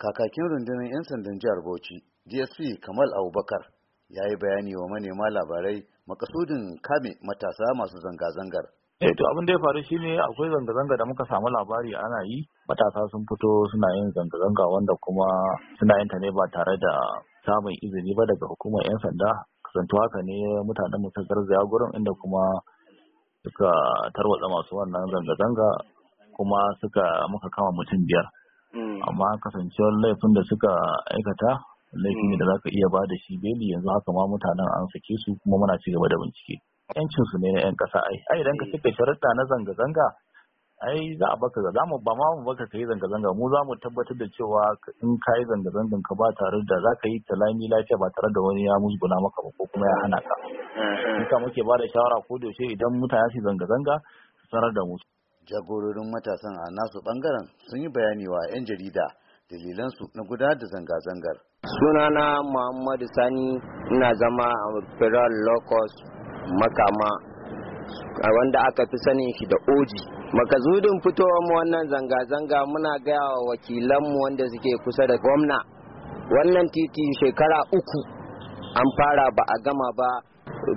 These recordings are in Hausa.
kakakin rundunar 'yan sandan jihar bauchi dsp kamal abubakar ya yi bayani wa manema labarai makasudin kame matasa masu zanga-zangar eh to abin da ya faru shine akwai zanga-zanga da muka samu labari ana yi matasa sun fito suna yin zanga-zanga wanda kuma suna yin ta ne ba tare da samun izini ba daga hukumar 'yan sanda kasantu haka ne mutanen mu ta garzaya gurin inda kuma suka tarwatsa masu wannan zanga-zanga kuma suka muka kama mutum biyar Mm. amma kasancewar laifin da suka aikata laifi ne mm. da za ka iya ba da shi beli yanzu haka ma mutanen an sake su kuma muna ci gaba da bincike yancin su ne na yan kasa ai ai idan ka cika eh. sharuɗa na zanga-zanga ai za a baka za mu ba ma mu baka kai zanga-zanga mu za mu tabbatar da cewa in ka yi zanga-zangan ka ba tare da za ka yi talami lafiya ba tare da wani ya musguna maka ba ko kuma ya hana ka. Duka eh, eh. muke ba da shawara ko da yaushe idan mutane su zanga-zanga su sanar da mu. jagororin matasan a nasu bangaren sun yi bayani wa 'yan jarida dalilansu na gudanar da zanga-zangar sunana muhammadu sani ina zama a federal locus makama wanda aka fi sanin shi da oji makazudin fitowar mu wannan zanga-zanga muna gaya wa wakilanmu wanda suke kusa da gwamna wannan titi shekara uku an fara ba a gama ba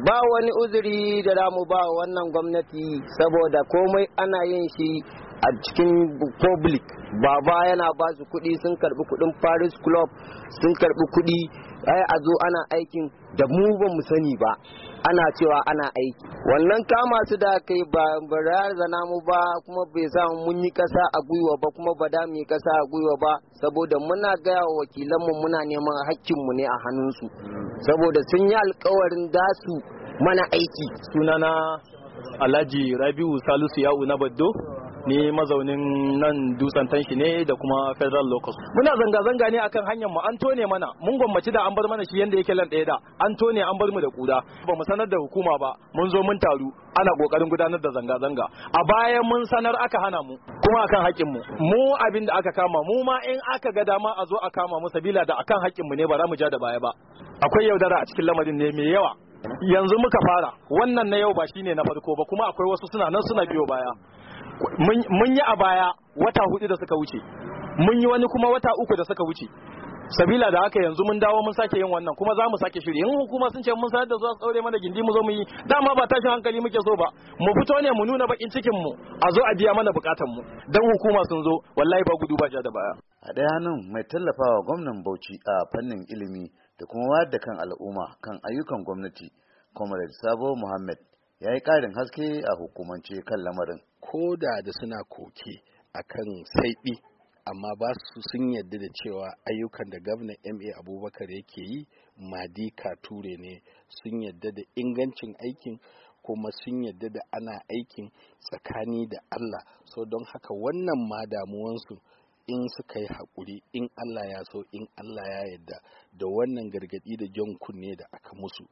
ba wani uzuri da za mu ba wannan gwamnati saboda komai ana yin shi a cikin public baba yana ba su kuɗi sun karbi kuɗin paris club sun karbi kuɗi ai a zo ana aikin da mu ba mu sani ba ana cewa ana aiki wannan kama su da kai ba zana mu ba kuma bai sa mun yi kasa a gwiwa ba kuma ba da mu yi kasa a gwiwa ba saboda muna gaya wa wakilanmu muna neman hakkinmu ne a hannunsu saboda sun yi alkawarin su mana aiki sunana alhaji rabiu salisu ya'u na baddo ni mazaunin nan dutsen tanshi ne da kuma federal locus muna zanga-zanga ne akan hanyar mu an tone mana mun gwammaci da an bar mana shi yanda yake lan ɗaya da an tone an bar mu da kuda ba mu sanar da hukuma ba mun zo mun taru ana kokarin gudanar da zanga-zanga a baya mun sanar aka hana mu kuma akan haƙƙin mu mu abin da aka kama mu ma in aka ga dama a zo a kama mu sabila da akan haƙƙin mu ne ba za mu ja da baya ba akwai yaudara a cikin lamarin ne mai yawa yanzu muka fara wannan na yau ba shine na farko ba kuma akwai wasu suna nan suna biyo baya mun yi a baya wata hudu da suka wuce mun yi wani kuma wata uku da suka wuce sabila da haka yanzu mun dawo mun sake yin wannan kuma za mu sake shiri in hukuma sun ce mun sanar da zuwa tsaure mana gindi mu zo mu yi dama ba tashin hankali muke so ba mu fito ne mu nuna bakin cikin mu a zo a biya mana bukatun mu dan hukuma sun zo wallahi ba gudu ba ja da baya a daya hannun mai tallafawa gwamnan Bauchi a fannin ilimi da kuma wayar da kan al'umma kan ayyukan gwamnati Comrade Sabo Muhammad ya yi ƙarin haske a hukumance kan lamarin. Ko da da suna koke a kan saiɓi amma ba su sun yadda da cewa ayyukan da gwamnan ma abubakar yake yi madi kature ne sun yadda da ingancin aikin kuma sun yadda da ana aikin tsakani da allah so don haka wannan ma damuwansu in suka yi haƙuri in allah ya so in allah ya yadda da wannan gargaɗi da jan kunne da aka musu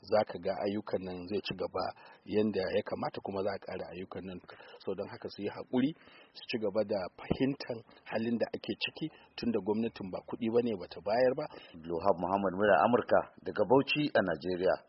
za ka ga ayyukan nan zai ci gaba yadda ya kamata kuma za a ƙara ayyukan nan so don haka su yi haƙuri su ci gaba da fahimtar halin da ake ciki tun da gwamnatin ba kuɗi ba ne ba ta bayar ba. Lohab Muhammad Mura Amurka daga Bauchi a Najeriya.